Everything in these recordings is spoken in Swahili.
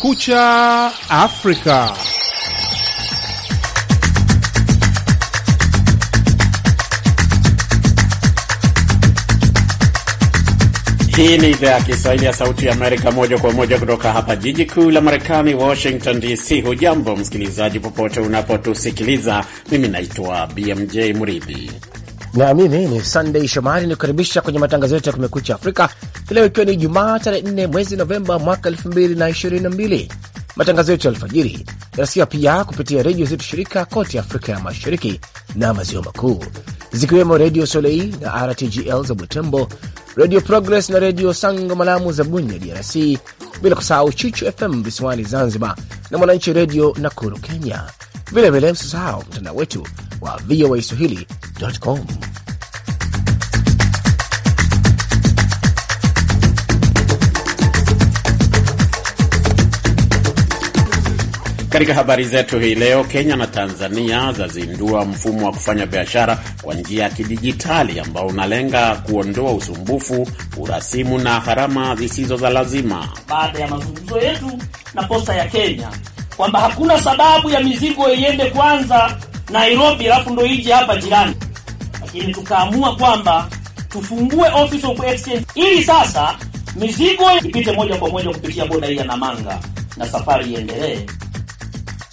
Kumekucha Afrika. Hii ni idhaa ya Kiswahili ya Sauti ya Amerika, moja kwa moja kutoka hapa jiji kuu la Marekani, Washington DC. Hujambo msikilizaji, popote unapotusikiliza. Mimi naitwa BMJ mridhi na mimi ni Sunday Shomari nikukaribisha kwenye matangazo yetu ya Kumekucha Afrika leo, ikiwa ni jumaa tarehe 4 mwezi Novemba mwaka 2022. Matangazo yetu ya alfajiri yanasikia pia kupitia redio zetu shirika kote Afrika ya Mashariki na Maziwa Makuu, zikiwemo Redio solei na RTGL za Butembo, Redio Progress na Redio Sango Malamu za Bunya, DRC, bila kusahau Chuchu FM visiwani Zanzibar na Mwananchi Redio Nakuru, Kenya. Vilevile msisahau mtandao wetu wa VOA swahili.com. Katika habari zetu hii leo, Kenya na Tanzania zazindua mfumo wa kufanya biashara kwa njia ya kidijitali ambao unalenga kuondoa usumbufu, urasimu na gharama zisizo za lazima. Baada ya mazungumzo yetu na Posta ya Kenya kwamba hakuna sababu ya mizigo iende kwanza Nairobi alafu ndo ije hapa jirani, lakini tukaamua kwamba tufungue office of exchange ili sasa mizigo ipite moja kwa moja kupitia boda hii ya Namanga na safari iendelee.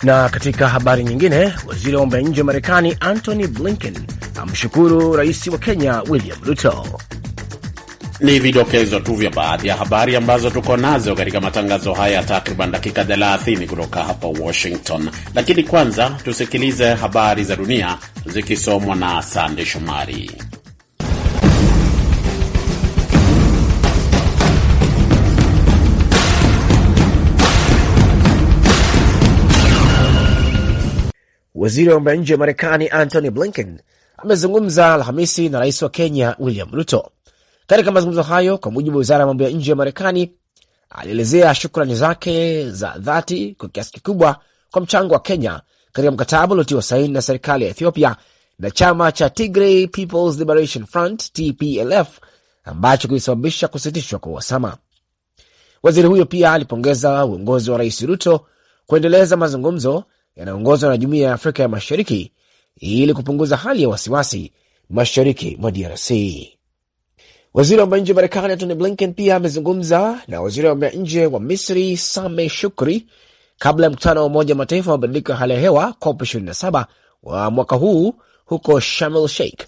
Na katika habari nyingine, waziri wa mambo ya nje wa Marekani Antony Blinken amshukuru rais wa Kenya William Ruto. Ni vidokezo tu vya baadhi ya habari ambazo tuko nazo katika matangazo haya ya takriban dakika 30 kutoka hapa Washington, lakini kwanza tusikilize habari za dunia zikisomwa na Sande Shomari. Waziri wa mambo ya nje wa Marekani Antony Blinken amezungumza Alhamisi na rais wa Kenya William Ruto. Katika mazungumzo hayo, kwa mujibu wa wizara ya mambo ya nje ya Marekani, alielezea shukrani zake za dhati kwa kiasi kikubwa kwa mchango wa Kenya katika mkataba uliotiwa saini na serikali ya Ethiopia na chama cha Tigray People's Liberation Front TPLF ambacho kilisababisha kusitishwa kwa uhasama. Waziri huyo pia alipongeza uongozi wa Rais Ruto kuendeleza mazungumzo yanayoongozwa na Jumuiya ya Afrika ya Mashariki ili kupunguza hali ya wasiwasi mashariki mwa DRC. Waziri wa mambo ya nje wa Marekani Antony Blinken pia amezungumza na waziri wa mambo ya nje wa Misri Same Shukri kabla ya mkutano wa Umoja wa Mataifa wa mabadiliko ya hali ya hewa COP 27 wa mwaka huu huko Sharm el Sheikh.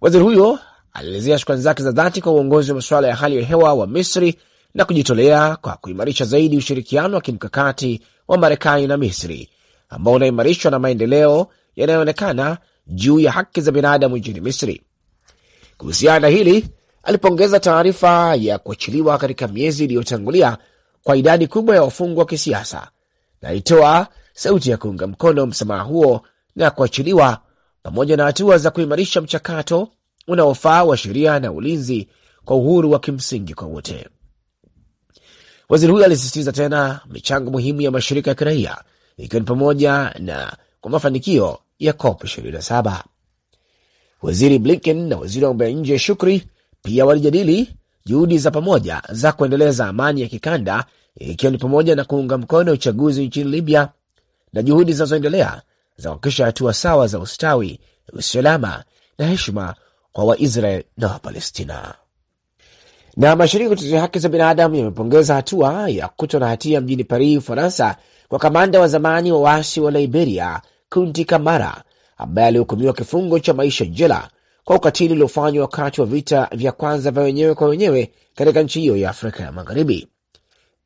Waziri huyo alielezea shukrani zake za dhati kwa uongozi wa masuala ya hali ya hewa wa Misri na kujitolea kwa kuimarisha zaidi ushirikiano wa kimkakati wa Marekani na Misri ambao unaimarishwa na maendeleo yanayoonekana juu ya haki za binadamu nchini Misri. Kuhusiana na hili, alipongeza taarifa ya kuachiliwa katika miezi iliyotangulia kwa idadi kubwa ya wafungwa wa kisiasa na alitoa sauti ya kuunga mkono msamaha huo na kuachiliwa pamoja na hatua za kuimarisha mchakato unaofaa wa sheria na ulinzi kwa uhuru wa kimsingi kwa wote. Waziri huyo alisisitiza tena michango muhimu ya mashirika ya kiraia ikiwa ni pamoja na kwa mafanikio ya COP 27. Waziri Blinken na waziri wa mambo ya nje Shukri pia walijadili juhudi za pamoja za kuendeleza amani ya kikanda ikiwa ni pamoja na kuunga mkono uchaguzi nchini Libya na juhudi zinazoendelea za kuhakikisha hatua sawa za ustawi, usalama na heshima kwa Waisrael na Wapalestina. Na mashirika kutetea haki za binadamu yamepongeza hatua ya kutwa na hatia mjini Paris, Ufaransa, kwa kamanda wa zamani wa waasi wa Liberia Kunti Kamara ambaye alihukumiwa kifungo cha maisha jela kwa ukatili uliofanywa wakati wa vita vya kwanza vya wenyewe kwa wenyewe katika nchi hiyo ya Afrika ya Magharibi.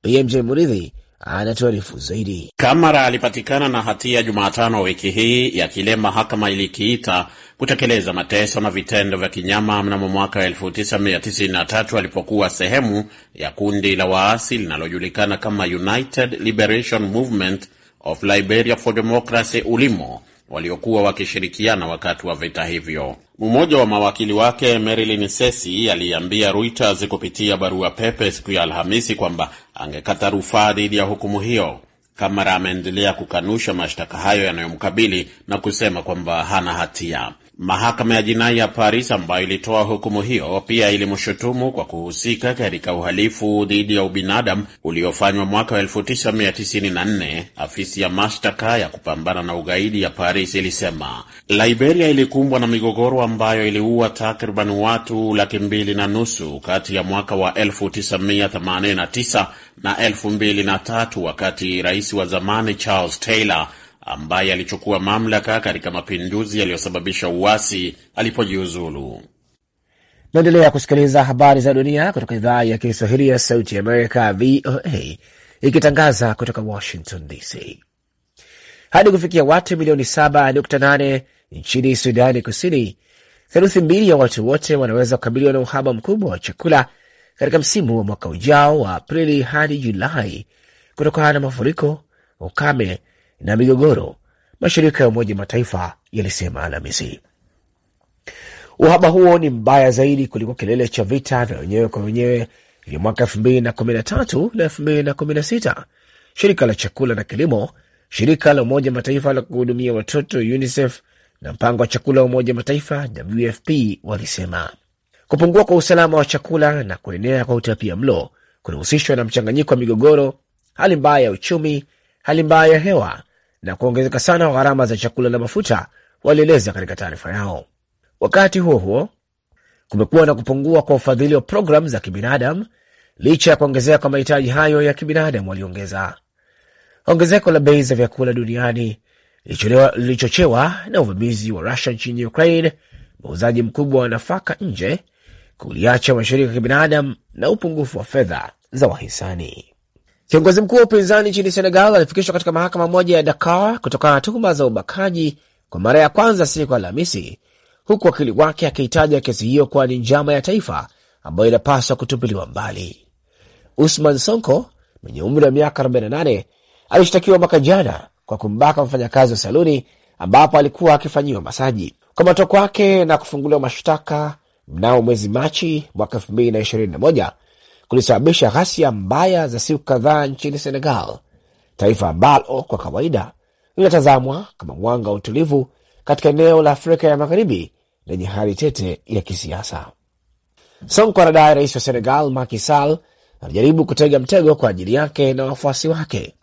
BMJ Muridhi anatuarifu zaidi. Kamara alipatikana na hatia Jumatano wiki hii ya kile mahakama ilikiita kutekeleza mateso na vitendo vya kinyama mnamo mwaka 1993 alipokuwa sehemu ya kundi la waasi linalojulikana kama United Liberation Movement of Liberia for Democracy, ULIMO waliokuwa wakishirikiana wakati wa vita hivyo. Mmoja wa mawakili wake Marilyn Sesi aliambia Reuters kupitia barua pepe siku ya Alhamisi kwamba angekata rufaa dhidi ya hukumu hiyo. Kamara ameendelea kukanusha mashtaka hayo yanayomkabili na kusema kwamba hana hatia. Mahakama ya jinai ya Paris ambayo ilitoa hukumu hiyo pia ilimshutumu kwa kuhusika katika uhalifu dhidi ya ubinadamu uliofanywa mwaka 1994. Afisi ya mashtaka ya kupambana na ugaidi ya Paris ilisema Liberia ilikumbwa na migogoro ambayo iliua takriban watu laki mbili na nusu kati ya mwaka wa 1989 na 2003 wakati rais wa zamani Charles Taylor ambaye alichukua mamlaka katika mapinduzi yaliyosababisha uasi alipojiuzulu. Naendelea kusikiliza habari za dunia kutoka idhaa ya Kiswahili ya Sauti ya Amerika, VOA, ikitangaza kutoka Washington DC. Hadi kufikia watu milioni 7.8 nchini Sudani Kusini, theluthi mbili ya watu wote wanaweza kukabiliwa na uhaba mkubwa wa chakula katika msimu wa mwaka ujao wa Aprili hadi Julai kutokana na mafuriko, ukame na migogoro, mashirika ya Umoja Mataifa yalisema Alhamisi. Uhaba huo ni mbaya zaidi kuliko kilele cha vita vya wenyewe kwa wenyewe vya mwaka elfu mbili na kumi na tatu na elfu mbili na kumi na sita. Shirika la chakula na kilimo, shirika la Umoja Mataifa la kuhudumia watoto UNICEF na mpango wa chakula wa Umoja Mataifa WFP walisema kupungua kwa usalama wa chakula na kuenea kwa utapia mlo kunahusishwa na mchanganyiko wa migogoro, hali mbaya ya uchumi, hali mbaya ya hewa na kuongezeka sana kwa gharama za chakula na mafuta, walieleza katika taarifa yao. Wakati huo huo, kumekuwa na kupungua kwa ufadhili wa programu za kibinadamu licha ya kuongezeka kwa mahitaji hayo ya kibinadamu, waliongeza. Ongezeko la bei za vyakula duniani lilichochewa na uvamizi wa Rusia nchini Ukraine, mauzaji mkubwa wa nafaka nje, kuliacha mashirika ya kibinadamu na upungufu wa fedha za wahisani. Kiongozi mkuu wa upinzani nchini Senegal alifikishwa katika mahakama moja ya Dakar kutokana na tuhuma za ubakaji kwa mara ya kwanza siku Alhamisi, huku wakili wake akihitaja kesi hiyo kuwa ni njama ya taifa ambayo inapaswa kutupiliwa mbali. Usman Sonko mwenye umri wa miaka 48 alishtakiwa mwaka jana kwa kumbaka mfanyakazi wa saluni ambapo alikuwa akifanyiwa masaji. Kukamatwa kwake na kufunguliwa mashtaka mnamo mwezi Machi mwaka 2021 kulisababisha ghasia mbaya za siku kadhaa nchini Senegal, taifa ambalo kwa kawaida linatazamwa kama mwanga wa utulivu katika eneo la Afrika ya Magharibi lenye hali tete ya kisiasa. Sonko anadai rais wa Senegal Macky Sall kutega mtego kwa ajili yake na wafuasi wake,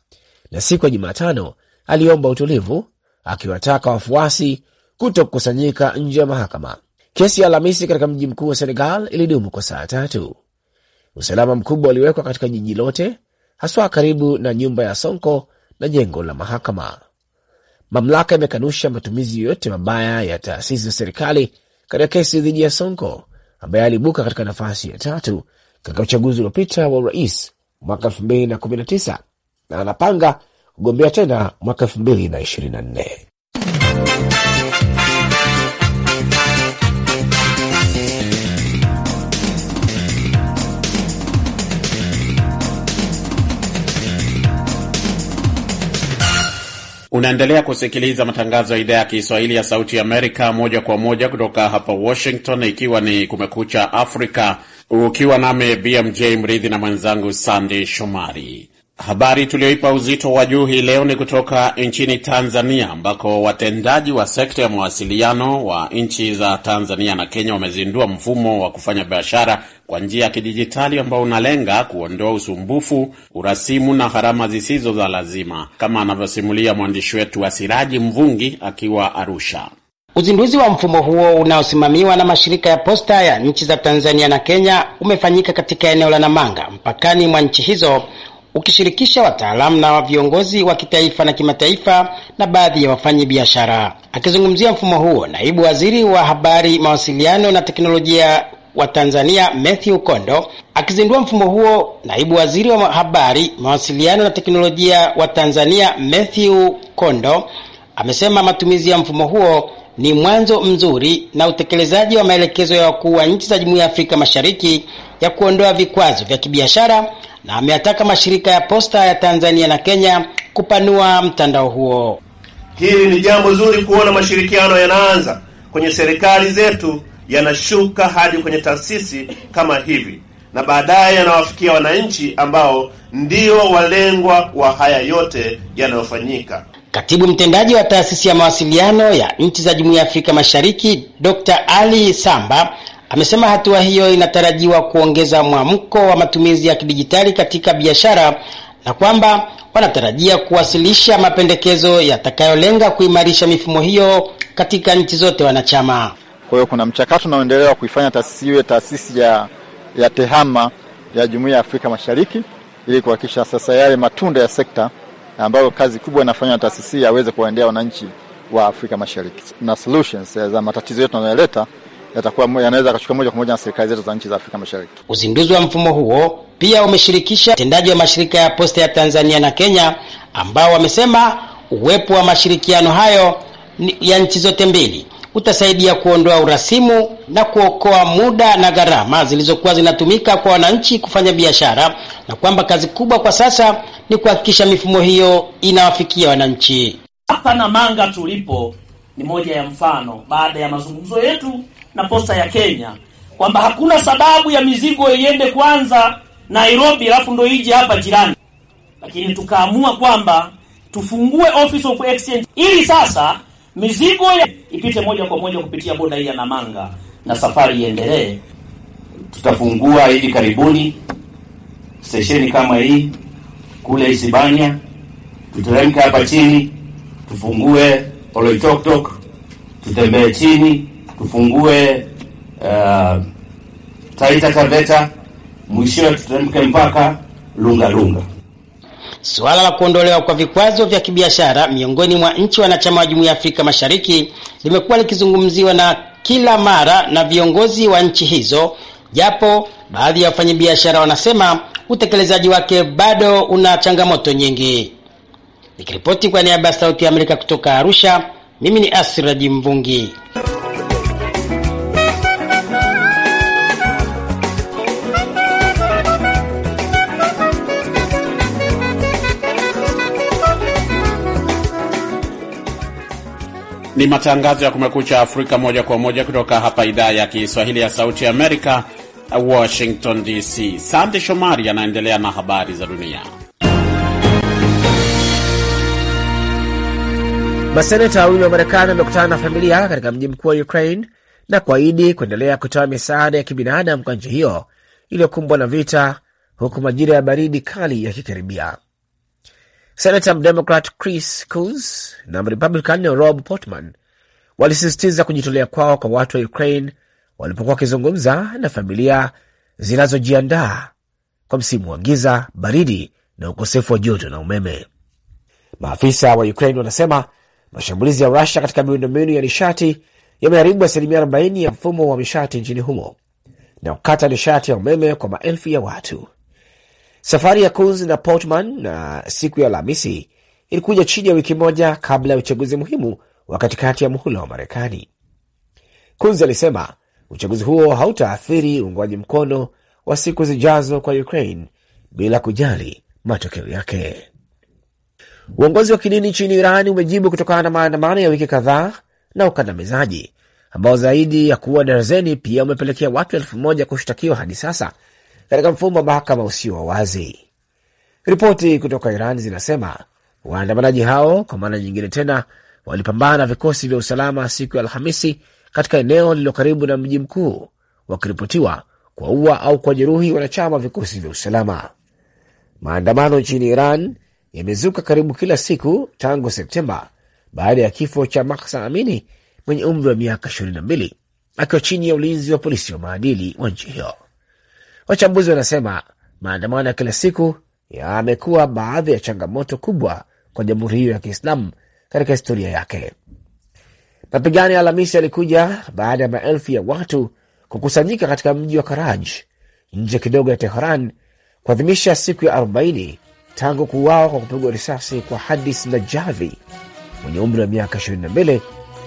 na siku ya Jumatano aliomba utulivu akiwataka wafuasi kuto kukusanyika nje ya mahakama. Kesi ya Alhamisi katika mji mkuu wa Senegal ilidumu kwa saa tatu. Usalama mkubwa uliwekwa katika jiji lote, haswa karibu na nyumba ya Sonko na jengo la mahakama. Mamlaka imekanusha matumizi yoyote mabaya ya taasisi za serikali katika kesi dhidi ya Sonko ambaye alibuka katika nafasi ya tatu katika uchaguzi uliopita wa urais mwaka elfu mbili na kumi na tisa na anapanga kugombea tena mwaka elfu mbili na ishirini na nne. Unaendelea kusikiliza matangazo ya idhaa ya Kiswahili ya Sauti Amerika moja kwa moja kutoka hapa Washington, ikiwa ni Kumekucha Afrika, ukiwa nami BMJ Mridhi na mwenzangu sandi Shomari. Habari tuliyoipa uzito wa juu hii leo ni kutoka nchini Tanzania, ambako watendaji wa sekta ya mawasiliano wa nchi za Tanzania na Kenya wamezindua mfumo wa kufanya biashara kwa njia ya kidijitali ambao unalenga kuondoa usumbufu, urasimu na gharama zisizo za lazima, kama anavyosimulia mwandishi wetu Asiraji Mvungi akiwa Arusha. Uzinduzi wa mfumo huo unaosimamiwa na mashirika ya posta ya nchi za Tanzania na Kenya umefanyika katika eneo la Namanga mpakani mwa nchi hizo ukishirikisha wataalamu na viongozi wa kitaifa na kimataifa na baadhi ya wafanyi biashara. Akizungumzia mfumo huo, naibu waziri wa habari, mawasiliano na teknolojia wa Tanzania Matthew Kondo akizindua mfumo huo, naibu waziri wa habari, mawasiliano na teknolojia wa Tanzania Matthew Kondo amesema matumizi ya mfumo huo ni mwanzo mzuri na utekelezaji wa maelekezo ya wakuu wa nchi za Jumuiya ya Afrika Mashariki ya kuondoa vikwazo vya kibiashara na ameyataka mashirika ya posta ya Tanzania na Kenya kupanua mtandao huo. Hili ni jambo zuri kuona mashirikiano yanaanza kwenye serikali zetu yanashuka hadi kwenye taasisi kama hivi na baadaye yanawafikia wananchi ambao ndio walengwa wa haya yote yanayofanyika. Katibu mtendaji wa taasisi ya mawasiliano ya nchi za Jumuiya ya Afrika Mashariki, Dr. Ali Samba amesema hatua hiyo inatarajiwa kuongeza mwamko wa matumizi ya kidijitali katika biashara na kwamba wanatarajia kuwasilisha mapendekezo yatakayolenga kuimarisha mifumo hiyo katika nchi zote wanachama. Kwa hiyo kuna mchakato unaoendelea wa kuifanya taasisi iwe taasisi ya, ya tehama ya Jumuiya ya Afrika Mashariki ili kuhakikisha sasa yale matunda ya sekta ambayo kazi kubwa inafanywa na taasisi hii yaweze kuwaendea wananchi wa Afrika Mashariki na solutions za matatizo yetu yanayoleta yatakuwa yanaweza kuchukua moja kwa moja na serikali zetu za nchi za Afrika Mashariki. Uzinduzi wa mfumo huo pia umeshirikisha watendaji wa mashirika ya posta ya Tanzania na Kenya ambao wamesema uwepo wa mashirikiano hayo ya nchi zote mbili utasaidia kuondoa urasimu na kuokoa muda na gharama zilizokuwa zinatumika kwa wananchi kufanya biashara, na kwamba kazi kubwa kwa sasa ni kuhakikisha mifumo hiyo inawafikia wananchi. Hapa na manga tulipo ni moja ya mfano, baada ya mazungumzo yetu na Posta ya Kenya kwamba hakuna sababu ya mizigo iende kwanza Nairobi alafu ndo ije hapa jirani, lakini tukaamua kwamba tufungue Office of Exchange ili sasa mizigo ipite moja kwa moja kupitia boda hii ya Namanga na safari iendelee. Tutafungua hivi karibuni stesheni kama hii kule Isibania, tuteremke hapa chini, tufungue Oloitoktok, tutembee chini, tufungue uh, Taita Taveta, mwishowe tuteremke mpaka Lungalunga. Suala la kuondolewa kwa vikwazo vya kibiashara miongoni mwa nchi wanachama wa Jumuiya ya Afrika Mashariki limekuwa likizungumziwa na kila mara na viongozi wa nchi hizo, japo baadhi ya wafanyabiashara wanasema utekelezaji wake bado una changamoto nyingi. Nikiripoti kwa niaba ya Sauti ya Amerika kutoka Arusha, mimi ni Asiraji Mvungi. Ni matangazo ya Kumekucha Afrika moja kwa moja kutoka hapa idhaa ya Kiswahili ya Sauti Amerika, Washington DC. Sande Shomari anaendelea na habari za dunia. Maseneta wawili wa Marekani wamekutana na familia katika mji mkuu wa Ukraine na kuahidi kuendelea kutoa misaada ya kibinadamu kwa nchi hiyo iliyokumbwa na vita, huku majira ya baridi kali yakikaribia. Senata Mdemokrat Chris Coons na Mrepublican Rob Portman walisisitiza kujitolea kwao kwa watu wa Ukraine walipokuwa wakizungumza na familia zinazojiandaa kwa msimu wa giza, baridi na ukosefu wa joto na umeme. Maafisa wa Ukraine wanasema mashambulizi ya Rusia katika miundombinu ya nishati yameharibu asilimia 40 ya mfumo wa nishati nchini humo na kukata nishati ya umeme kwa maelfu ya watu. Safari ya Coons na Portman na siku ya Alhamisi ilikuja chini ya wiki moja kabla ya uchaguzi muhimu wa katikati ya muhula wa Marekani. Coons alisema uchaguzi huo hautaathiri uungwaji mkono wa siku zijazo kwa Ukraine bila kujali matokeo yake. Uongozi wa kidini nchini Iran umejibu kutokana na maandamano ya wiki kadhaa na ukandamizaji ambao zaidi ya kuwa darzeni pia umepelekea watu elfu moja kushtakiwa hadi sasa katika mfumo wa mahakama usio wa wazi. Ripoti kutoka Iran zinasema waandamanaji hao kwa mara nyingine tena walipambana na vikosi vya usalama siku ya Alhamisi katika eneo lililo karibu na mji mkuu, wakiripotiwa kuwaua au kuwajeruhi wanachama wa vikosi vya usalama. Maandamano nchini Iran yamezuka karibu kila siku tangu Septemba baada ya kifo cha Mahsa Amini mwenye umri wa miaka 22 akiwa chini ya ulinzi wa polisi wa maadili wa nchi hiyo. Wachambuzi wanasema maandamano ya kila siku yamekuwa baadhi ya changamoto kubwa kwa jamhuri hiyo ya Kiislamu katika historia yake. Mapigano ya Alhamisi yalikuja baada ya maelfu ya watu kukusanyika katika mji wa Karaj nje kidogo ya Teheran kuadhimisha siku ya 40 tangu kuuawa kwa kupigwa risasi kwa Hadis Najavi mwenye umri wa miaka 22,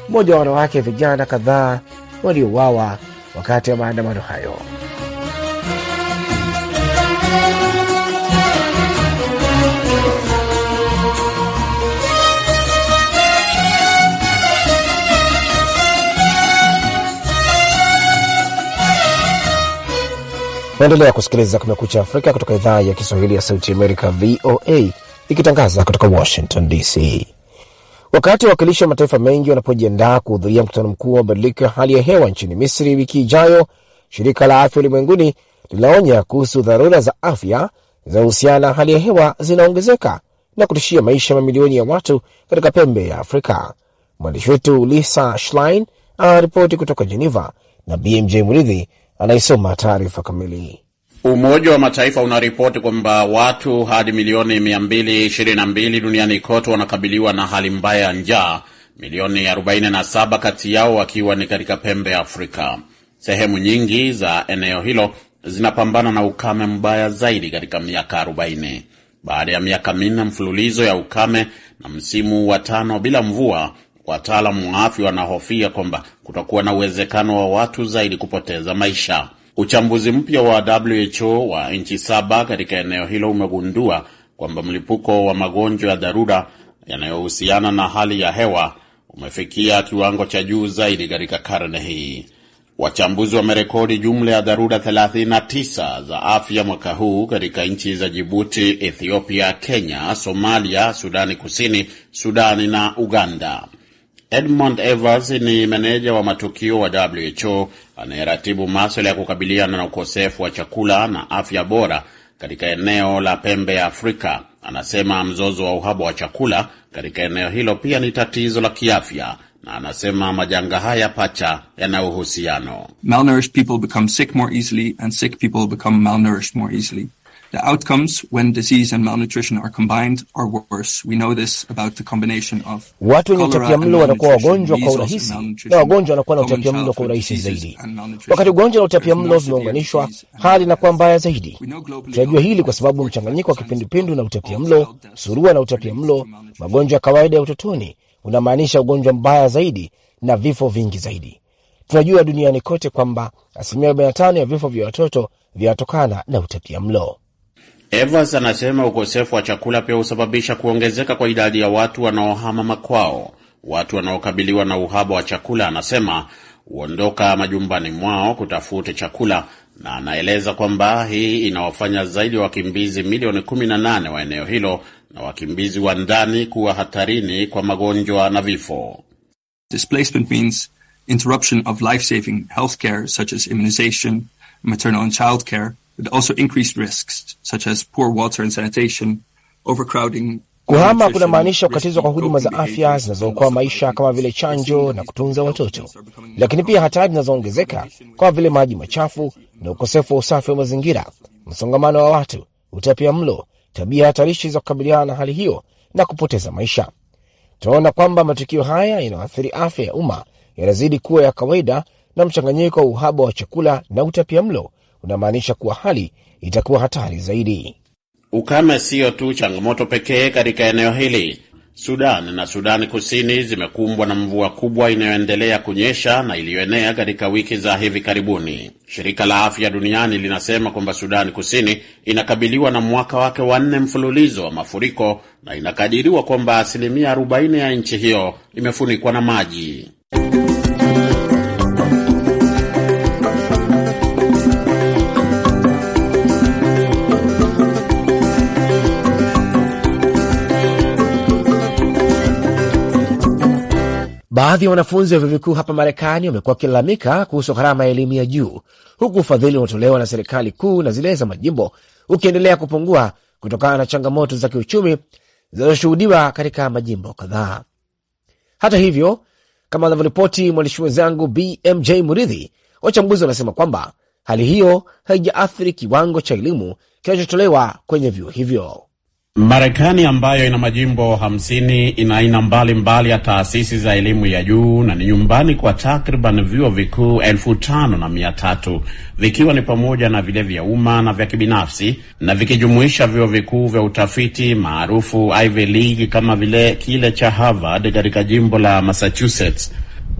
mmoja wa wanawake vijana kadhaa waliouawa wakati wa maandamano hayo. Naendelea kusikiliza Kumekucha Afrika kutoka idhaa ya Kiswahili ya Sauti Amerika, VOA, ikitangaza kutoka Washington DC. Wakati wawakilishi wa mataifa mengi wanapojiandaa kuhudhuria mkutano mkuu wa mabadiliko ya hali ya hewa nchini Misri wiki ijayo, shirika la afya ulimwenguni linaonya kuhusu dharura za afya zinazohusiana na hali ya hewa zinaongezeka na kutishia maisha mamilioni ya watu katika pembe ya Afrika. Mwandishi wetu Lisa Schlein anaripoti kutoka Geneva na BMJ mridhi anayesoma taarifa kamili. Umoja wa Mataifa unaripoti kwamba watu hadi milioni 222 duniani kote wanakabiliwa na hali mbaya ya njaa, milioni 47 kati yao wakiwa ni katika pembe ya Afrika. Sehemu nyingi za eneo hilo zinapambana na ukame mbaya zaidi katika miaka 40 baada ya miaka minne mfululizo ya ukame na msimu wa tano bila mvua. Wataalamu wa afya wanahofia kwamba kutakuwa na uwezekano wa watu zaidi kupoteza maisha. Uchambuzi mpya wa WHO wa nchi saba katika eneo hilo umegundua kwamba mlipuko wa magonjwa ya dharura yanayohusiana na hali ya hewa umefikia kiwango cha juu zaidi katika karne hii. Wachambuzi wamerekodi jumla ya dharura 39 za afya mwaka huu katika nchi za Jibuti, Ethiopia, Kenya, Somalia, Sudani Kusini, Sudani na Uganda. Edmund Evers ni meneja wa matukio wa WHO anayeratibu maswala ya kukabiliana na ukosefu wa chakula na afya bora katika eneo la pembe ya Afrika. Anasema mzozo wa uhaba wa chakula katika eneo hilo pia ni tatizo la kiafya, na anasema majanga haya pacha yana uhusiano. Malnourished people become sick more easily and sick people become malnourished more easily. The outcomes when disease and malnutrition are combined are worse. We know this about the combination of watu wenye utapiamlo wanakuwa wagonjwa kwa urahisi na wagonjwa wanakuwa na utapiamlo kwa urahisi zaidi. Wakati ugonjwa na utapiamlo vimeunganishwa, hali inakuwa mbaya zaidi. Tunajua hili kwa sababu mchanganyiko wa kipindupindu na utapiamlo, surua na utapiamlo, magonjwa ya kawaida ya utotoni unamaanisha ugonjwa mbaya zaidi na vifo vingi zaidi. Tunajua duniani kote kwamba asilimia 45 ya vifo vya watoto vinatokana na utapiamlo. Evans anasema ukosefu wa chakula pia husababisha kuongezeka kwa idadi ya watu wanaohama makwao. Watu wanaokabiliwa na uhaba wa chakula, anasema, huondoka majumbani mwao kutafuta chakula, na anaeleza kwamba hii inawafanya zaidi ya wakimbizi milioni 18 wa eneo hilo na wakimbizi wa ndani kuwa hatarini kwa magonjwa na vifo. Displacement means interruption of life-saving healthcare such as immunization, maternal and care but also increased risks such as poor water and sanitation, overcrowding. Kuhama kunamaanisha kukatizwa kwa huduma za afya zinazookoa maisha kama vile chanjo na kutunza watoto, lakini pia hatari zinazoongezeka kama vile maji machafu na ukosefu wa usafi wa mazingira, msongamano wa watu, utapia mlo, tabia hatarishi za kukabiliana na hali hiyo na kupoteza maisha. Tunaona kwamba matukio haya yanayoathiri afya ya umma yanazidi kuwa ya kawaida, na mchanganyiko wa uhaba wa chakula na utapia mlo unamaanisha kuwa hali itakuwa hatari zaidi. Ukame siyo tu changamoto pekee katika eneo hili. Sudan na Sudani Kusini zimekumbwa na mvua kubwa inayoendelea kunyesha na iliyoenea katika wiki za hivi karibuni. Shirika la Afya Duniani linasema kwamba Sudani Kusini inakabiliwa na mwaka wake wa nne mfululizo wa mafuriko na inakadiriwa kwamba asilimia 40 ya nchi hiyo imefunikwa na maji. Baadhi ya wanafunzi wa vyuo vikuu hapa Marekani wamekuwa wakilalamika kuhusu gharama ya elimu ya juu, huku ufadhili unaotolewa na serikali kuu na zile za majimbo ukiendelea kupungua kutokana na changamoto za kiuchumi zinazoshuhudiwa katika majimbo kadhaa. Hata hivyo, kama anavyoripoti mwandishi mwenzangu BMJ Muridhi, wachambuzi wanasema kwamba hali hiyo haijaathiri kiwango cha elimu kinachotolewa kwenye vyuo hivyo. Marekani ambayo ina majimbo hamsini ina aina mbalimbali ya taasisi za elimu ya juu na ni nyumbani kwa takriban vyuo vikuu elfu tano na mia tatu vikiwa ni pamoja na vile vya umma na vya kibinafsi na vikijumuisha vyuo vikuu vya utafiti maarufu Ivy League kama vile kile cha Harvard katika jimbo la Massachusetts.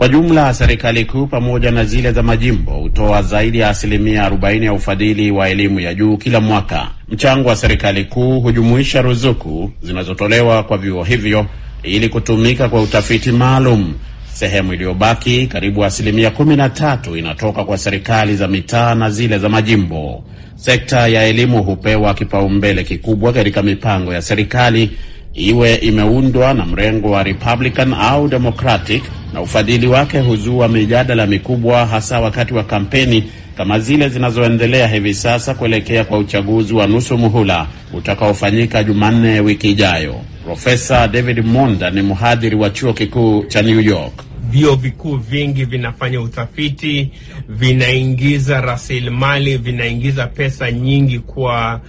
Kwa jumla, serikali kuu pamoja na zile za majimbo hutoa zaidi ya asilimia 40 ya ufadhili wa elimu ya juu kila mwaka. Mchango wa serikali kuu hujumuisha ruzuku zinazotolewa kwa vyuo hivyo ili kutumika kwa utafiti maalum. Sehemu iliyobaki karibu asilimia 13 inatoka kwa serikali za mitaa na zile za majimbo. Sekta ya elimu hupewa kipaumbele kikubwa katika mipango ya serikali, iwe imeundwa na mrengo wa Republican au Democratic na ufadhili wake huzua mijadala mikubwa, hasa wakati wa kampeni kama zile zinazoendelea hivi sasa kuelekea kwa uchaguzi wa nusu muhula utakaofanyika Jumanne wiki ijayo. Profesa David Monda ni mhadhiri wa chuo kikuu cha New York. Vyuo vikuu vingi vinafanya utafiti, vinaingiza rasilimali, vinaingiza pesa nyingi kwa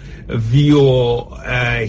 vyuo uh,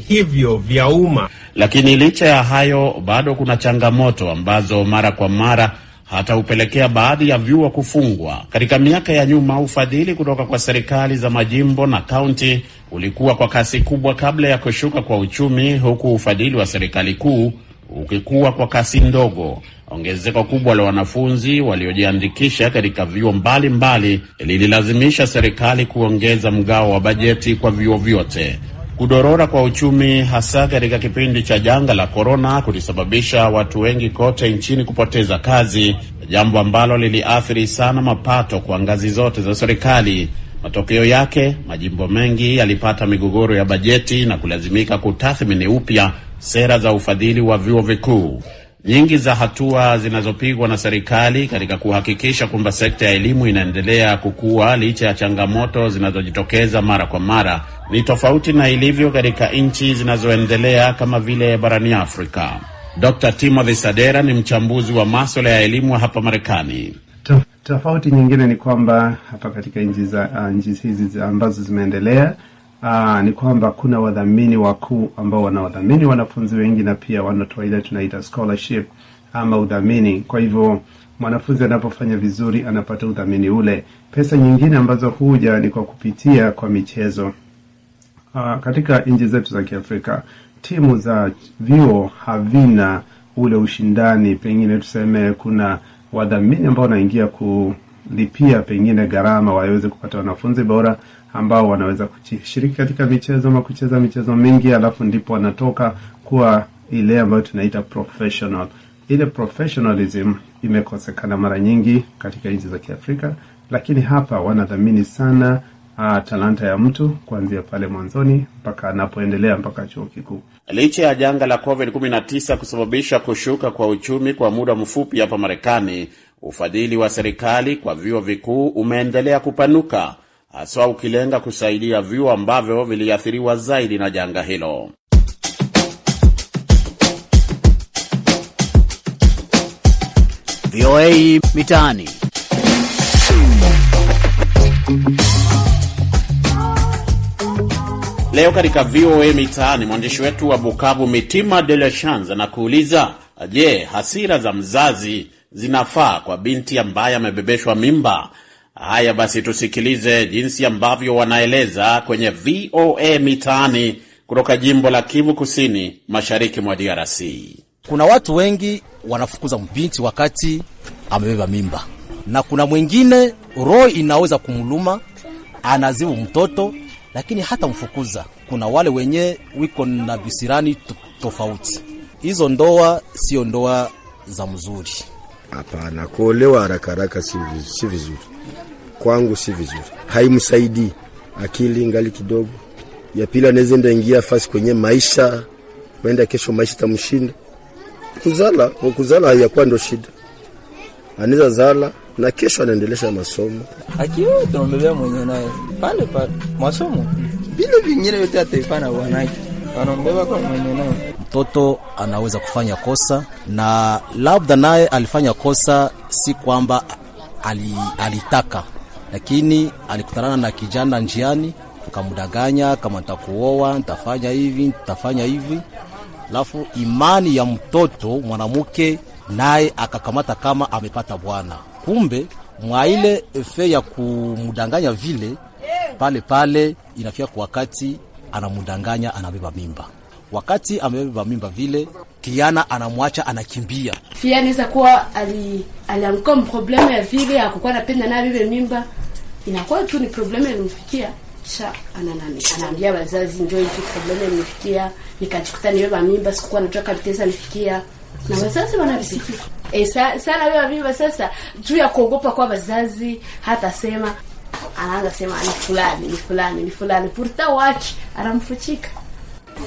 hivyo vya umma. Lakini licha ya hayo, bado kuna changamoto ambazo mara kwa mara hata hupelekea baadhi ya vyuo kufungwa. Katika miaka ya nyuma, ufadhili kutoka kwa serikali za majimbo na kaunti ulikuwa kwa kasi kubwa kabla ya kushuka kwa uchumi, huku ufadhili wa serikali kuu ukikuwa kwa kasi ndogo. Ongezeko kubwa la wanafunzi waliojiandikisha katika vyuo mbalimbali lililazimisha serikali kuongeza mgao wa bajeti kwa vyuo vyote. Kudorora kwa uchumi hasa katika kipindi cha janga la korona kulisababisha watu wengi kote nchini kupoteza kazi, jambo ambalo liliathiri sana mapato kwa ngazi zote za serikali. Matokeo yake, majimbo mengi yalipata migogoro ya bajeti na kulazimika kutathmini upya sera za ufadhili wa vyuo vikuu. Nyingi za hatua zinazopigwa na serikali katika kuhakikisha kwamba sekta ya elimu inaendelea kukua licha ya changamoto zinazojitokeza mara kwa mara ni tofauti na ilivyo katika nchi zinazoendelea kama vile barani Afrika. Dr Timothy Sadera ni mchambuzi wa maswala ya elimu hapa Marekani. Tofauti nyingine ni kwamba hapa katika nchi za uh, nchi hizi ambazo zimeendelea uh, ni kwamba kuna wadhamini wakuu ambao wanawadhamini wanafunzi wengi na pia wanatoa ile tunaita scholarship ama udhamini. Kwa hivyo mwanafunzi anapofanya vizuri anapata udhamini ule. Pesa nyingine ambazo huja ni kwa kupitia kwa michezo uh, katika nchi zetu za Kiafrika timu za vyuo havina ule ushindani, pengine tuseme kuna wadhamini ambao wanaingia kulipia pengine gharama waweze kupata wanafunzi bora ambao wanaweza kushiriki katika michezo ama kucheza michezo mingi, alafu ndipo wanatoka kuwa ile ambayo tunaita professional. Ile professionalism imekosekana mara nyingi katika nchi za Kiafrika, lakini hapa wanadhamini sana aa, ah, talanta ya mtu kuanzia pale mwanzoni mpaka anapoendelea mpaka chuo kikuu. Licha ya janga la COVID-19 kusababisha kushuka kwa uchumi kwa muda mfupi hapa Marekani, ufadhili wa serikali kwa vyuo vikuu umeendelea kupanuka, haswa ukilenga kusaidia vyuo ambavyo viliathiriwa zaidi na janga hilo. VOA Mitaani. Leo katika VOA Mitaani, mwandishi wetu wa Bukavu Mitima De La Chance anakuuliza, je, hasira za mzazi zinafaa kwa binti ambaye amebebeshwa mimba? Haya basi, tusikilize jinsi ambavyo wanaeleza kwenye VOA Mitaani kutoka jimbo la Kivu Kusini, mashariki mwa DRC. Kuna watu wengi wanafukuza mbinti wakati amebeba mimba, na kuna mwingine roho inaweza kumluma, anazibu mtoto lakini hata mfukuza. Kuna wale wenye wiko na visirani tofauti, hizo ndoa sio ndoa za mzuri. Hapana, kuolewa haraka haraka si vizuri, kwangu si vizuri, haimsaidii akili ngali kidogo. Ya pili anaweza enda ingia fasi kwenye maisha, wenda kesho maisha tamshinda. Kuzala kuzala hayakuwa ndo shida, anaweza zala na kesho anaendelesha masomo akiwa tunaombebea mwenye naye pale pale masomo bila vingine yote ataifana wanake wanaombeba kwa mwenye naye. Mtoto anaweza kufanya kosa na labda naye alifanya kosa, si kwamba ali, alitaka lakini alikutana na kijana njiani, kamudaganya kama nitakuoa, nitafanya hivi, nitafanya hivi, alafu imani ya mtoto mwanamke naye akakamata kama amepata bwana kumbe mwa ile efe ya kumdanganya vile pale pale, inafika kwa wakati anamdanganya, anabeba mimba. Wakati amebeba mimba vile, Kiana anamwacha anakimbia. Pia anaweza kuwa ali alianguka mproblemu ya vile ya akukuwa napenda naye bebe mimba, inakuwa tu ni problemu ilimfikia kisha ananani anaambia wazazi, njoo hiki problemu ilimfikia, nikajikuta nimebeba mimba, sikukuwa natoka kabisa nifikia, na wazazi wanavisikia e, sana wewe mimi sasa, juu ya kuogopa kwa wazazi, hata sema anaanza sema ni fulani ni fulani ni fulani, purta watch anamfuchika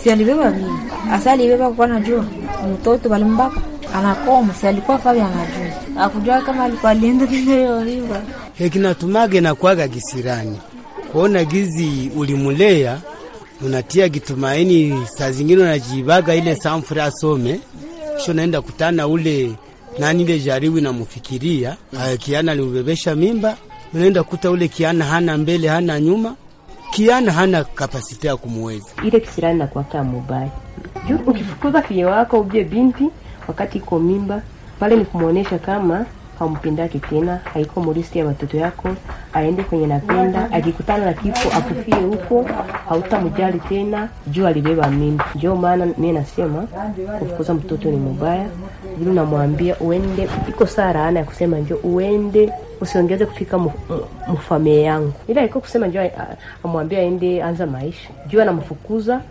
si alibeba mimi hasa alibeba kwa najua mtoto bali mbaka anakoma si alikuwa kavi anajua akujua kama alikuwa alienda bila hiyo mimba tumage na kuaga kisirani kuona gizi ulimulea unatia kitumaini, saa zingine unajibaga ile samfure asome kisho naenda kutana ule na nile jaribu namufikiria mm. Kiana alimbebesha mimba, unaenda kuta ule kiana hana mbele hana nyuma, kiana hana kapasite ya kumweza ile kisirani na kuacha mubaya juu. Ukifukuza kinye wako uje binti wakati iko mimba pale, ni kumwonyesha kama hampendaki tena, haiko moristi ya watoto yako, aende kwenye napenda. Akikutana na kifo akufie huko, hautamjali tena juu alibeba mimi Ndio maana mimi nasema kufukuza mtoto ni mubaya. Vile namwambia uende, iko saa laana ya kusema njo uende usiongeze kufika mfamilia yangu, ila iko kusema njo amwambia aende anza maisha, juu anamfukuza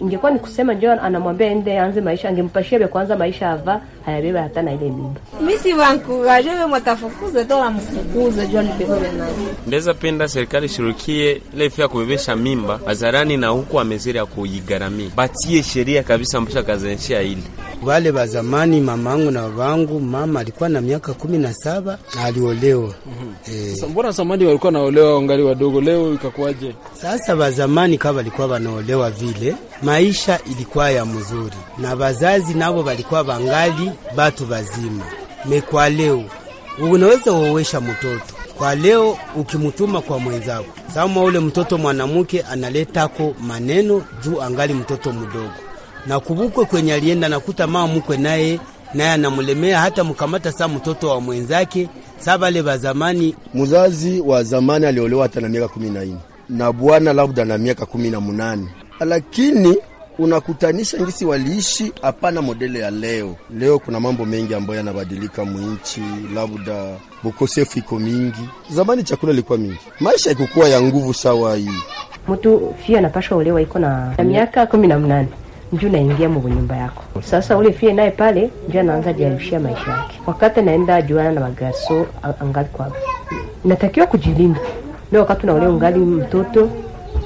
ingekuwa ni kusema John anamwambia ende anze maisha, angempashia vya kwanza maisha ava hayabeba hata na ile mimba. Misi wangu wajewe mtafukuze tola mfukuze John ni bebe nayo. Ndeza penda serikali shirikie ile fia kubebesha mimba azarani na huko amezeri ya kuigaramia. Batie sheria kabisa mpaka kazenshia ile. Wale wa zamani mamangu na wangu, mama alikuwa na miaka 17 na aliolewa. Sasa mhm. eh. mbona zamani walikuwa naolewa wangali wadogo, leo ikakuwaje? Sasa wa zamani kama walikuwa wanaolewa vile vile maisha ilikuwa ya mzuri, na vazazi nabo valikuwa vangali batu vazima. Mekwa leo unaweza wowesha mtoto kwa leo, ukimutuma kwa mwenzako sama ule mtoto mwanamke analetako maneno juu angali mtoto mdogo, na kubukwe kwenye alienda nakuta mama mkwe naye naye anamulemea hata mkamata saa mtoto wa mwenzake saa vale zamani. Mzazi wa zamani aliolewa hata na miaka kumi na na bwana labda na miaka kumi na munane lakini unakutanisha ngisi waliishi, hapana modele ya leo. Leo kuna mambo mengi ambayo yanabadilika mwinchi, labda bukosefu iko mingi. Zamani chakula ilikuwa mingi, maisha ikukuwa ya nguvu sawa. Hii mtu fia anapashwa olewa iko na miaka kumi na mnane njuu naingia mu nyumba yako sasa. Ule fie naye pale njuu anaanza jarushia maisha yake, wakati naenda juana na magaso angali kwa natakiwa kujilinda, na wakati na ule ungali mtoto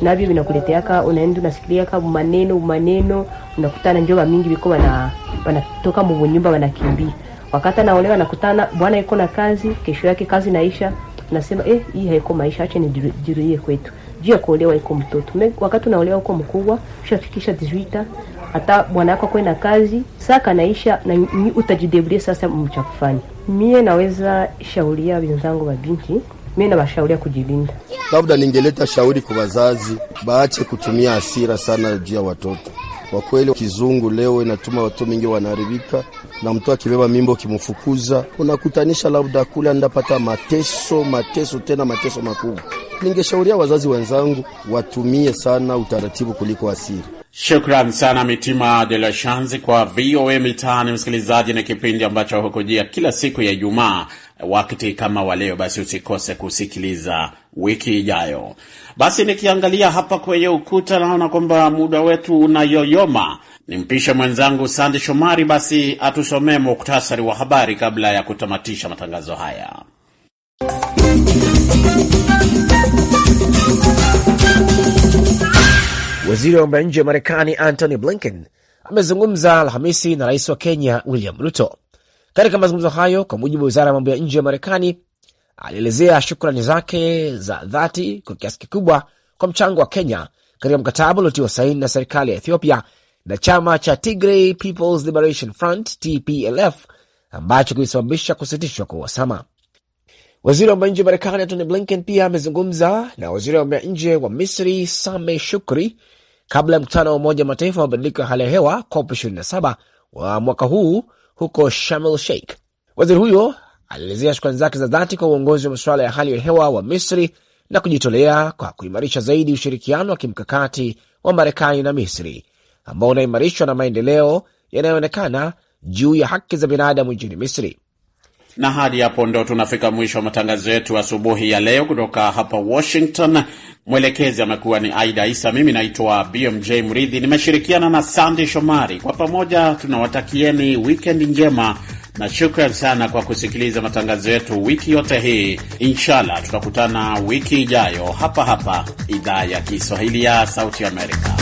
nabyo vinakuletea ka unaenda unasikilia ka maneno maneno, unakutana njoba mingi biko bana banatoka mu nyumba banakimbia. Wakati naolewa nakutana bwana yuko na kazi, kesho yake kazi naisha, nasema eh, hii haiko maisha, acha ni nijiruie kwetu. Juu ya kuolewa iko mtoto. Wakati naolewa uko mkubwa, ushafikisha 18 hata bwana yako kwenda kazi saka naisha na utajidebulia sasa mchakufanya. Mie naweza shauria wenzangu wa binti mimi nawashauria kujilinda. Labda ningeleta shauri kwa wazazi, baache kutumia hasira sana juu ya watoto. Kwa kweli, kizungu leo inatuma watu wengi wanaharibika, na mtu akibeba mimbo kimfukuza, unakutanisha labda kule ndapata mateso, mateso tena mateso makubwa. Ningeshauria wazazi wenzangu watumie sana utaratibu kuliko hasira. Shukran sana Mitima de la Shansi kwa VOA Mitaani. Msikilizaji, ni kipindi ambacho hukujia kila siku ya Ijumaa wakati kama waleo, basi usikose kusikiliza wiki ijayo. Basi nikiangalia hapa kwenye ukuta, naona kwamba muda wetu unayoyoma. Nimpishe mwenzangu Sandi Shomari basi atusomee muktasari wa habari kabla ya kutamatisha matangazo haya. Waziri wa mambo ya nje wa Marekani Antony Blinken amezungumza Alhamisi na rais wa Kenya William Ruto. Katika mazungumzo hayo, kwa mujibu wa wizara ya mambo ya nje ya Marekani, alielezea shukrani zake za dhati kwa kiasi kikubwa kwa mchango wa Kenya katika mkataba uliotiwa saini na serikali ya Ethiopia na chama cha Tigray People's Liberation Front TPLF ambacho kilisababisha kusitishwa kwa uhasama. Waziri wa mambo ya nje wa Marekani Antony Blinken pia amezungumza na waziri wa mambo ya nje wa Misri same Shukri kabla ya mkutano wa Umoja Mataifa wa mabadiliko ya hali ya hewa COP 27 wa mwaka huu huko Sharm el Sheikh. Waziri huyo alielezea shukrani zake za dhati kwa uongozi wa masuala ya hali ya hewa wa Misri na kujitolea kwa kuimarisha zaidi ushirikiano wa kimkakati wa Marekani na Misri ambao unaimarishwa na maendeleo yanayoonekana juu ya haki za binadamu nchini Misri. Na hadi hapo ndo tunafika mwisho wa matangazo yetu asubuhi ya leo kutoka hapa Washington. Mwelekezi amekuwa ni Aida Isa, mimi naitwa BMJ Mridhi, nimeshirikiana na Sandi Shomari. Kwa pamoja tunawatakieni wikendi njema na shukran sana kwa kusikiliza matangazo yetu wiki yote hii. Inshallah tutakutana wiki ijayo hapa hapa idhaa ya Kiswahili ya Sauti Amerika.